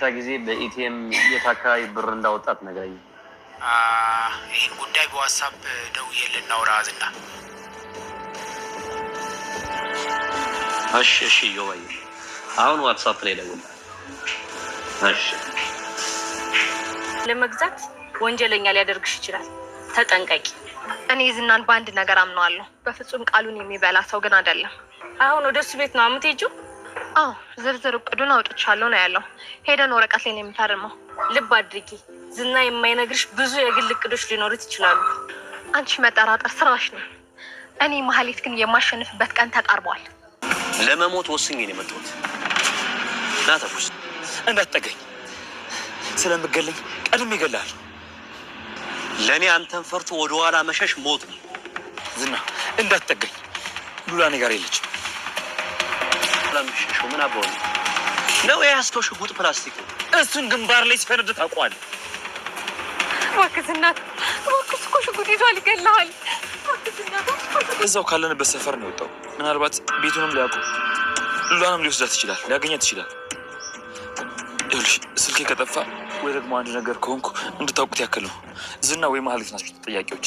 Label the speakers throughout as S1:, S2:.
S1: ለመጨረሻ ጊዜ በኢቲኤም የት አካባቢ ብር እንዳወጣት ነገረኝ።
S2: ይህን ጉዳይ በዋትሳፕ ደውዬ ልናወራ ዝና።
S3: እሺ፣ እሺ፣ አሁን ዋትሳፕ ላይ ደውል። እሺ።
S4: ለመግዛት ወንጀለኛ ሊያደርግሽ ይችላል። ተጠንቀቂ።
S5: እኔ ዝናን በአንድ ነገር አምነዋለሁ። በፍጹም ቃሉን የሚበላ ሰው ግን አይደለም።
S4: አሁን ወደ እሱ ቤት ነው የምትሄጂው?
S5: አዎ ዝርዝር እቅዱን አውጥቻለሁ ነው ያለው። ሄደን ወረቀት ላይ ነው
S4: ልብ አድርጊ ዝና የማይነግርሽ ብዙ የግል እቅዶች ሊኖሩት ይችላሉ።
S5: አንቺ መጠራጠር ስራሽ ነው። እኔ መሀሊት ግን የማሸንፍበት ቀን ተቃርቧል።
S3: ለመሞት ወስኜ ነው የመጣሁት። ና ተኩስ እንዳትጠገኝ ስለምገለኝ ቀድም ይገላል። ለእኔ አንተን ፈርቶ ወደኋላ መሸሽ ሞት ነው። ዝና እንዳትጠገኝ ሉላኔ ጋር የለችም። ለምሽሹ ምን አባው ነው የያዝከው ሽጉጥ ፕላስቲክ እሱን ግንባር ላይ ሲፈነድ ታውቋል።
S6: እባክህ እናት፣ እባክህ እኮ ሽጉጥ ይዟል፣ ይገላል።
S7: እዛው ካለንበት ሰፈር ነው የወጣው። ምናልባት ቤቱንም ሊያውቁ ሉላንም ሊወስዳት ይችላል፣ ሊያገኛት ይችላል። ይኸውልሽ ስልኬ ከጠፋ ወይ ደግሞ አንድ ነገር ከሆንኩ እንድታውቁት ያክል ነው። ዝና ወይ መሀሌት ናቸው ተጠያቂዎች።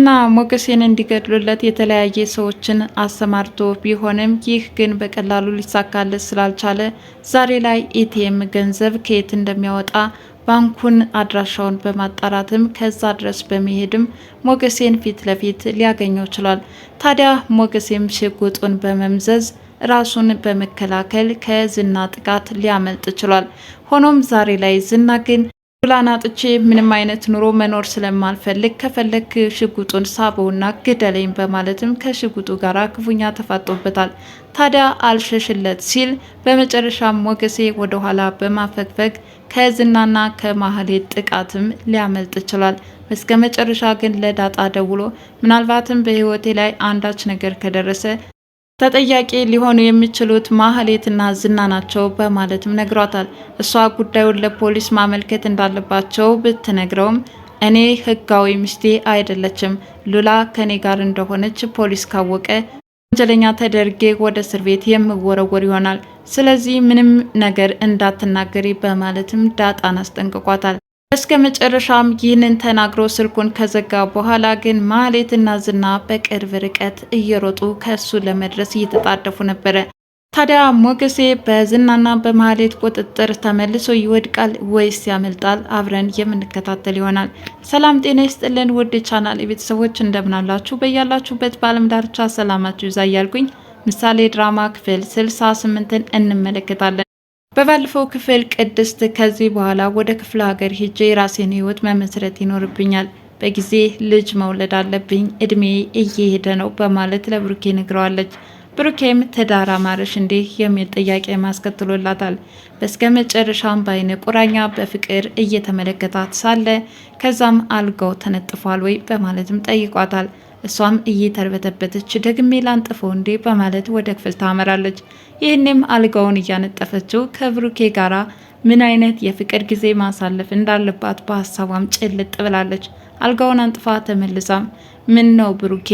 S8: እና ሞገሴን እንዲገድሉለት የተለያየ ሰዎችን አሰማርቶ ቢሆንም ይህ ግን በቀላሉ ሊሳካለት ስላልቻለ ዛሬ ላይ ኤቲኤም ገንዘብ ከየት እንደሚያወጣ ባንኩን አድራሻውን በማጣራትም ከዛ ድረስ በመሄድም ሞገሴን ፊት ለፊት ሊያገኘው ችሏል። ታዲያ ሞገሴም ሽጉጡን በመምዘዝ ራሱን በመከላከል ከዝና ጥቃት ሊያመልጥ ችሏል። ሆኖም ዛሬ ላይ ዝና ግን ዱላን ጥቼ ምንም አይነት ኑሮ መኖር ስለማልፈልግ ከፈለግ ሽጉጡን ሳበውና ግደለኝ በማለትም ከሽጉጡ ጋር ክፉኛ ተፋጦበታል። ታዲያ አልሸሽለት ሲል በመጨረሻ ሞገሴ ወደኋላ በማፈግፈግ ከዝናና ከማህሌት ጥቃትም ሊያመልጥ ይችላል። እስከ መጨረሻ ግን ለዳጣ ደውሎ ምናልባትም በህይወቴ ላይ አንዳች ነገር ከደረሰ ተጠያቂ ሊሆኑ የሚችሉት ማህሌትና ዝና ናቸው በማለትም ነግሯታል። እሷ ጉዳዩን ለፖሊስ ማመልከት እንዳለባቸው ብትነግረውም እኔ ህጋዊ ሚስቴ አይደለችም፣ ሉላ ከኔ ጋር እንደሆነች ፖሊስ ካወቀ ወንጀለኛ ተደርጌ ወደ እስር ቤት የምወረወር ይሆናል። ስለዚህ ምንም ነገር እንዳትናገሪ በማለትም ዳጣን አስጠንቅቋታል። እስከ መጨረሻም ይህንን ተናግሮ ስልኩን ከዘጋ በኋላ ግን ማህሌትና ዝና በቅርብ ርቀት እየሮጡ ከሱ ለመድረስ እየተጣደፉ ነበረ። ታዲያ ሞገሴ በዝናና በማህሌት ቁጥጥር ተመልሶ ይወድቃል ወይስ ያመልጣል? አብረን የምንከታተል ይሆናል። ሰላም ጤና ይስጥልን ውድ ቻናል ቤተሰቦች እንደምናላችሁ፣ በያላችሁበት በዓለም ዳርቻ ሰላማችሁ ይዛ እያልኩኝ ምሳሌ ድራማ ክፍል ስልሳ ስምንትን እንመለከታለን። በባለፈው ክፍል ቅድስት ከዚህ በኋላ ወደ ክፍለ ሀገር ሄጄ የራሴን ህይወት መመስረት ይኖርብኛል፣ በጊዜ ልጅ መውለድ አለብኝ፣ እድሜ እየሄደ ነው በማለት ለብሩኬ ነግረዋለች። ብሩኬም ትዳር አማረሽ እንዲህ የሚል ጥያቄ ማስከትሎላታል። በስከ መጨረሻም በአይነ ቁራኛ በፍቅር እየተመለከታት ሳለ ከዛም አልጋው ተነጥፏል ወይ በማለትም ጠይቋታል። እሷም እየተርበተበተች ደግሜ ላንጥፎ እንዴ በማለት ወደ ክፍል ታመራለች። ይህንም አልጋውን እያነጠፈችው ከብሩኬ ጋራ ምን አይነት የፍቅር ጊዜ ማሳለፍ እንዳለባት በሀሳቧም ጭልጥ ብላለች። አልጋውን አንጥፋ ተመልሳም ምን ነው ብሩኬ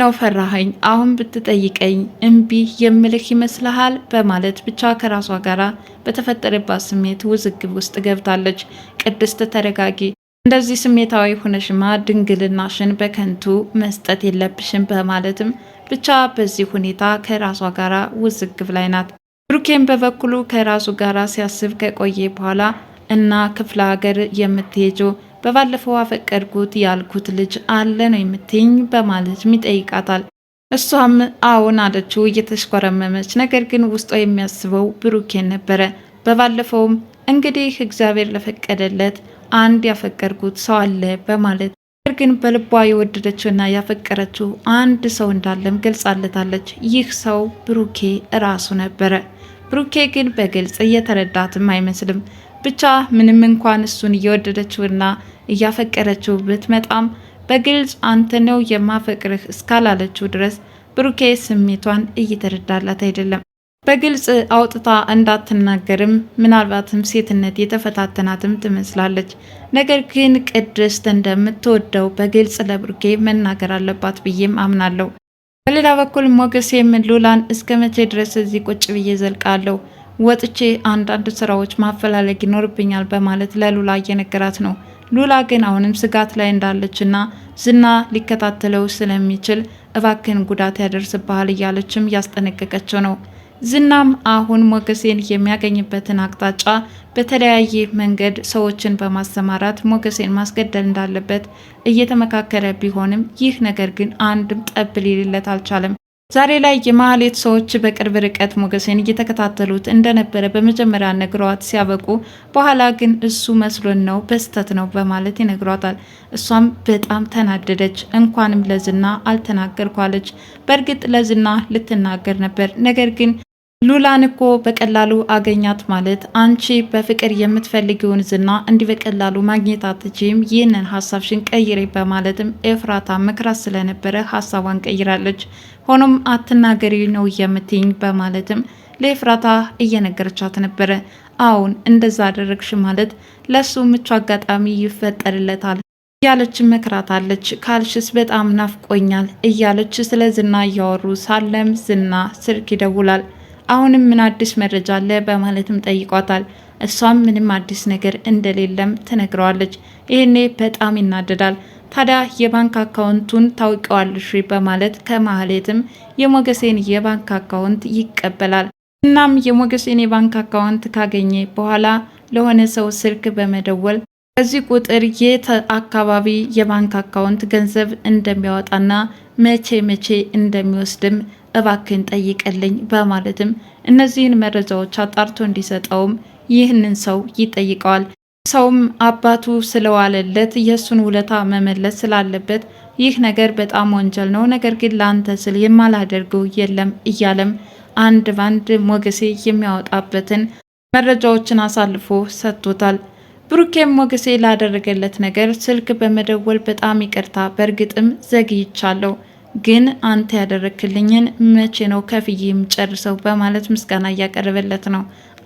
S8: ነው ፈራኸኝ? አሁን ብትጠይቀኝ እምቢ የምልህ ይመስልሃል? በማለት ብቻ ከራሷ ጋራ በተፈጠረባት ስሜት ውዝግብ ውስጥ ገብታለች። ቅድስት ተረጋጊ፣ እንደዚህ ስሜታዊ ሆነሽማ ድንግልናሽን በከንቱ መስጠት የለብሽም በማለትም ብቻ በዚህ ሁኔታ ከራሷ ጋር ውዝግብ ላይ ናት። ብሩኬን በበኩሉ ከራሱ ጋር ሲያስብ ከቆየ በኋላ እና ክፍለ ሀገር የምትሄጀው በባለፈው አፈቀድኩት ያልኩት ልጅ አለ ነው የምትኝ በማለትም ይጠይቃታል። እሷም አዎን አለችው እየተሽኮረመመች። ነገር ግን ውስጧ የሚያስበው ብሩኬን ነበረ። በባለፈውም እንግዲህ እግዚአብሔር ለፈቀደለት አንድ ያፈቀርኩት ሰው አለ በማለት ነገር ግን በልቧ የወደደችውና ያፈቀረችው አንድ ሰው እንዳለም ገልጻለታለች። ይህ ሰው ብሩኬ እራሱ ነበረ። ብሩኬ ግን በግልጽ እየተረዳትም አይመስልም። ብቻ ምንም እንኳን እሱን እየወደደችውና እያፈቀረችው ብትመጣም በግልጽ አንተ ነው የማፈቅርህ እስካላለችው ድረስ ብሩኬ ስሜቷን እየተረዳላት አይደለም። በግልጽ አውጥታ እንዳትናገርም ምናልባትም ሴትነት የተፈታተናትም ትመስላለች። ነገር ግን ቅድስት እንደምትወደው በግልጽ ለብሩኬ መናገር አለባት ብዬም አምናለሁ። በሌላ በኩል ሞገሴም ሉላን እስከ መቼ ድረስ እዚህ ቁጭ ብዬ ዘልቃለሁ? ወጥቼ አንዳንድ ስራዎች ማፈላለግ ይኖርብኛል በማለት ለሉላ እየነገራት ነው። ሉላ ግን አሁንም ስጋት ላይ እንዳለችና ዝና ሊከታተለው ስለሚችል እባክን ጉዳት ያደርስብሃል እያለችም እያስጠነቀቀችው ነው። ዝናም አሁን ሞገሴን የሚያገኝበትን አቅጣጫ በተለያየ መንገድ ሰዎችን በማሰማራት ሞገሴን ማስገደል እንዳለበት እየተመካከረ ቢሆንም ይህ ነገር ግን አንድም ጠብ ሊልለት አልቻለም። ዛሬ ላይ የማህሌት ሰዎች በቅርብ ርቀት ሞገሴን እየተከታተሉት እንደነበረ በመጀመሪያ ነግሯት ሲያበቁ በኋላ ግን እሱ መስሎን ነው በስተት ነው በማለት ይነግሯታል። እሷም በጣም ተናደደች። እንኳንም ለዝና አልተናገርኳለች። በእርግጥ ለዝና ልትናገር ነበር ነገር ግን ሉላን እኮ በቀላሉ አገኛት ማለት አንቺ በፍቅር የምትፈልጊውን ዝና እንዲህ በቀላሉ ማግኘት አትችይም፣ ይህንን ሀሳብሽን ቀይሬ በማለትም ኤፍራታ መክራት ስለነበረ ሀሳቧን ቀይራለች። ሆኖም አትናገሪ ነው የምትኝ በማለትም ለኤፍራታ እየነገረቻት ነበረ። አሁን እንደዛ አደረግሽ ማለት ለሱ ምቹ አጋጣሚ ይፈጠርለታል እያለች መክራታለች። ካልሽስ በጣም ናፍቆኛል እያለች ስለ ዝና እያወሩ ሳለም ዝና ስልክ ይደውላል። አሁንም ምን አዲስ መረጃ አለ በማለትም ጠይቋታል። እሷም ምንም አዲስ ነገር እንደሌለም ትነግረዋለች። ይህኔ በጣም ይናደዳል። ታዲያ የባንክ አካውንቱን ታውቂዋለሽ በማለት ከማህሌትም የሞገሴን የባንክ አካውንት ይቀበላል። እናም የሞገሴን የባንክ አካውንት ካገኘ በኋላ ለሆነ ሰው ስልክ በመደወል በዚህ ቁጥር የት አካባቢ የባንክ አካውንት ገንዘብ እንደሚያወጣና መቼ መቼ እንደሚወስድም እባክን ጠይቅልኝ በማለትም እነዚህን መረጃዎች አጣርቶ እንዲሰጠውም ይህንን ሰው ይጠይቀዋል። ሰውም አባቱ ስለዋለለት የእሱን ውለታ መመለስ ስላለበት ይህ ነገር በጣም ወንጀል ነው፣ ነገር ግን ለአንተ ስል የማላደርገው የለም እያለም አንድ ባንድ ሞገሴ የሚያወጣበትን መረጃዎችን አሳልፎ ሰጥቶታል። ብሩኬም ሞገሴ ላደረገለት ነገር ስልክ በመደወል በጣም ይቅርታ፣ በእርግጥም ዘግይቻለሁ ግን አንተ ያደረክልኝን መቼ ነው ከፍዬ የምጨርሰው? በማለት ምስጋና እያቀረበለት ነው።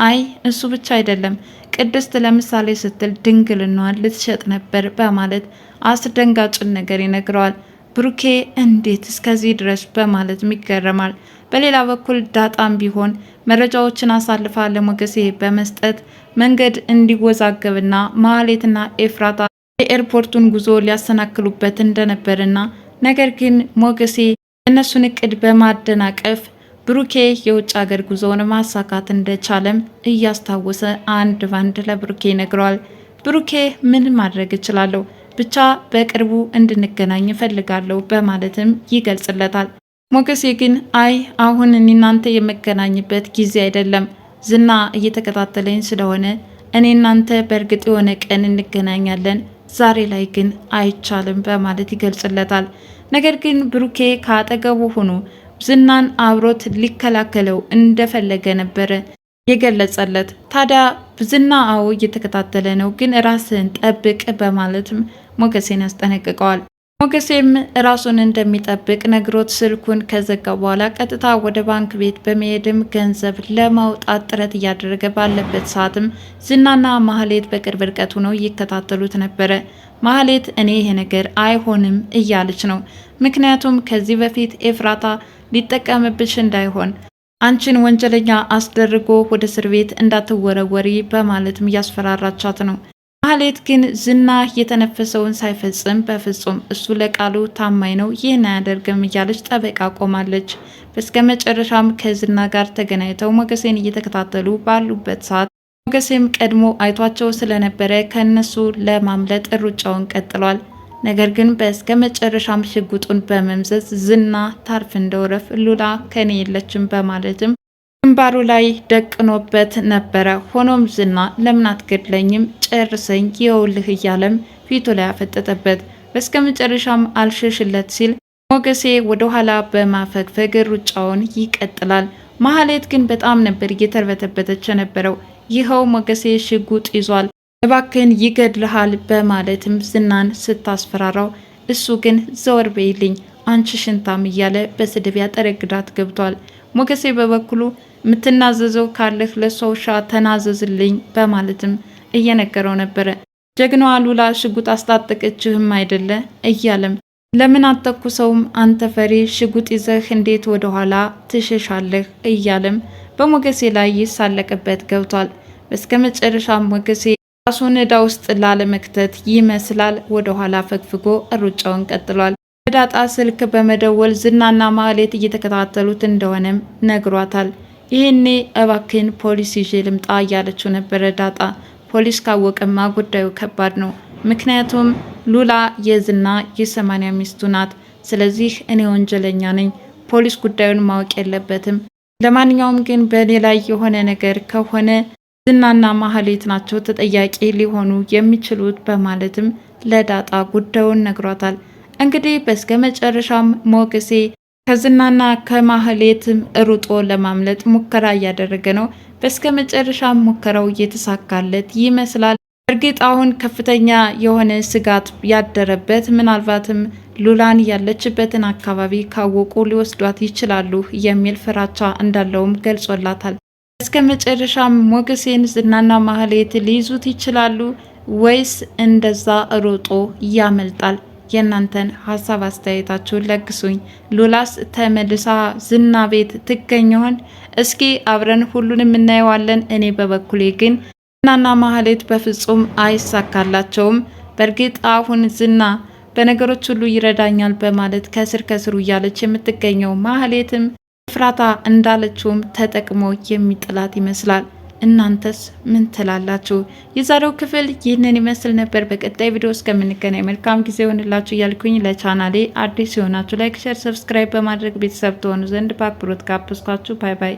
S8: አይ እሱ ብቻ አይደለም ቅድስት ለምሳሌ ስትል ድንግልናዋን ልትሸጥ ነበር በማለት አስደንጋጭን ነገር ይነግረዋል። ብሩኬ እንዴት እስከዚህ ድረስ በማለትም ይገረማል። በሌላ በኩል ዳጣም ቢሆን መረጃዎችን አሳልፋ ለሞገሴ በመስጠት መንገድ እንዲወዛገብና ማህሌትና ኤፍራታ የኤርፖርቱን ጉዞ ሊያሰናክሉበት እንደነበርና ነገር ግን ሞገሴ የእነሱን እቅድ በማደናቀፍ ብሩኬ የውጭ ሀገር ጉዞውን ማሳካት እንደቻለም እያስታወሰ አንድ ባንድ ለብሩኬ ይነግረዋል። ብሩኬ ምን ማድረግ እችላለሁ፣ ብቻ በቅርቡ እንድንገናኝ እፈልጋለሁ በማለትም ይገልጽለታል። ሞገሴ ግን አይ አሁን እናንተ የመገናኝበት ጊዜ አይደለም፣ ዝና እየተከታተለኝ ስለሆነ እኔ እናንተ በእርግጥ የሆነ ቀን እንገናኛለን ዛሬ ላይ ግን አይቻልም በማለት ይገልጽለታል። ነገር ግን ብሩኬ ከአጠገቡ ሆኖ ዝናን አብሮት ሊከላከለው እንደፈለገ ነበረ የገለጸለት። ታዲያ ዝና አዎ እየተከታተለ ነው፣ ግን ራስህን ጠብቅ በማለትም ሞገሴን ያስጠነቅቀዋል። ሞገሴም ራሱን እንደሚጠብቅ ነግሮት ስልኩን ከዘጋ በኋላ ቀጥታ ወደ ባንክ ቤት በመሄድም ገንዘብ ለማውጣት ጥረት እያደረገ ባለበት ሰዓትም ዝናና ማህሌት በቅርብ ርቀት ሆነው ይከታተሉት ነበረ። ማህሌት እኔ ይሄ ነገር አይሆንም እያለች ነው። ምክንያቱም ከዚህ በፊት ኤፍራታ ሊጠቀምብሽ እንዳይሆን አንቺን ወንጀለኛ አስደርጎ ወደ እስር ቤት እንዳትወረወሪ በማለትም እያስፈራራቻት ነው። ማህሌት ግን ዝና የተነፈሰውን ሳይፈጽም በፍጹም እሱ ለቃሉ ታማኝ ነው፣ ይህን አያደርግም እያለች ጠበቃ ቆማለች። በስከ መጨረሻም ከዝና ጋር ተገናኝተው ሞገሴን እየተከታተሉ ባሉበት ሰዓት ሞገሴም ቀድሞ አይቷቸው ስለነበረ ከእነሱ ለማምለጥ ሩጫውን ቀጥሏል። ነገር ግን በስከ መጨረሻም ሽጉጡን በመምዘዝ ዝና ታርፍ እንደወረፍ ሉላ ከኔ የለችም በማለትም ግንባሩ ላይ ደቅኖበት ነበረ። ሆኖም ዝና ለምን አትገድለኝም ጨርሰኝ የውልህ እያለም ፊቱ ላይ አፈጠጠበት። በስከ መጨረሻም አልሸሽለት ሲል ሞገሴ ወደኋላ በማፈግፈግ ሩጫውን ይቀጥላል። መሀሌት ግን በጣም ነበር እየተርበተበተች የነበረው። ይኸው ሞገሴ ሽጉጥ ይዟል፣ እባክህን ይገድልሃል በማለትም ዝናን ስታስፈራራው፣ እሱ ግን ዘወር በይልኝ አንቺ ሽንታም እያለ በስድብ ያጠረግዳት ገብቷል። ሞገሴ በበኩሉ የምትናዘዘው ካለህ ለእሷ ውሻ ተናዘዝልኝ በማለትም እየነገረው ነበረ። ጀግናዋ ሉላ ሽጉጥ አስታጠቀችህም አይደለ እያለም ለምን አትተኩሰውም አንተ ፈሪ ሽጉጥ ይዘህ እንዴት ወደኋላ ትሸሻለህ እያለም በሞገሴ ላይ ይሳለቅበት ገብቷል። በስከ መጨረሻ ሞገሴ ራሱን ዕዳ ውስጥ ላለመክተት ይመስላል ወደኋላ ፈግፍጎ ሩጫውን ቀጥሏል። በዳጣ ስልክ በመደወል ዝናና ማህሌት እየተከታተሉት እንደሆነም ነግሯታል። ይህኔ እባክን ፖሊስ ይዤ ልምጣ እያለችው ነበረ ዳጣ። ፖሊስ ካወቀማ ጉዳዩ ከባድ ነው። ምክንያቱም ሉላ የዝና የሰማንያ ሚስቱ ናት። ስለዚህ እኔ ወንጀለኛ ነኝ። ፖሊስ ጉዳዩን ማወቅ የለበትም። ለማንኛውም ግን በእኔ ላይ የሆነ ነገር ከሆነ ዝናና ማህሌት ናቸው ተጠያቂ ሊሆኑ የሚችሉት በማለትም ለዳጣ ጉዳዩን ነግሯታል። እንግዲህ በስከ መጨረሻም ሞገሴ ከዝናና ከማህሌትም ሩጦ ለማምለጥ ሙከራ እያደረገ ነው። በስከ መጨረሻም ሙከራው እየተሳካለት ይመስላል። እርግጥ አሁን ከፍተኛ የሆነ ስጋት ያደረበት ምናልባትም ሉላን ያለችበትን አካባቢ ካወቁ ሊወስዷት ይችላሉ የሚል ፍራቻ እንዳለውም ገልጾላታል። እስከ መጨረሻም ሞገሴን ዝናና ማህሌት ሊይዙት ይችላሉ ወይስ እንደዛ ሮጦ ያመልጣል የእናንተን ሀሳብ አስተያየታችሁን ለግሱኝ። ሉላስ ተመልሳ ዝና ቤት ትገኝ ይሆን? እስኪ አብረን ሁሉንም እናየዋለን። እኔ በበኩሌ ግን ዝናና ማህሌት በፍጹም አይሳካላቸውም። በእርግጥ አሁን ዝና በነገሮች ሁሉ ይረዳኛል በማለት ከስር ከስሩ እያለች የምትገኘው ማህሌትም ፍራታ እንዳለችውም ተጠቅሞ የሚጥላት ይመስላል። እናንተስ ምን ትላላችሁ? የዛሬው ክፍል ይህንን ይመስል ነበር። በቀጣይ ቪዲዮ እስከምንገናኝ መልካም ጊዜ ሆንላችሁ እያልኩኝ ለቻናሌ አዲስ የሆናችሁ ላይክ፣ ሸር፣ ሰብስክራይብ በማድረግ ቤተሰብ ትሆኑ ዘንድ በአክብሮት ጋበዝኳችሁ። ባይ ባይ።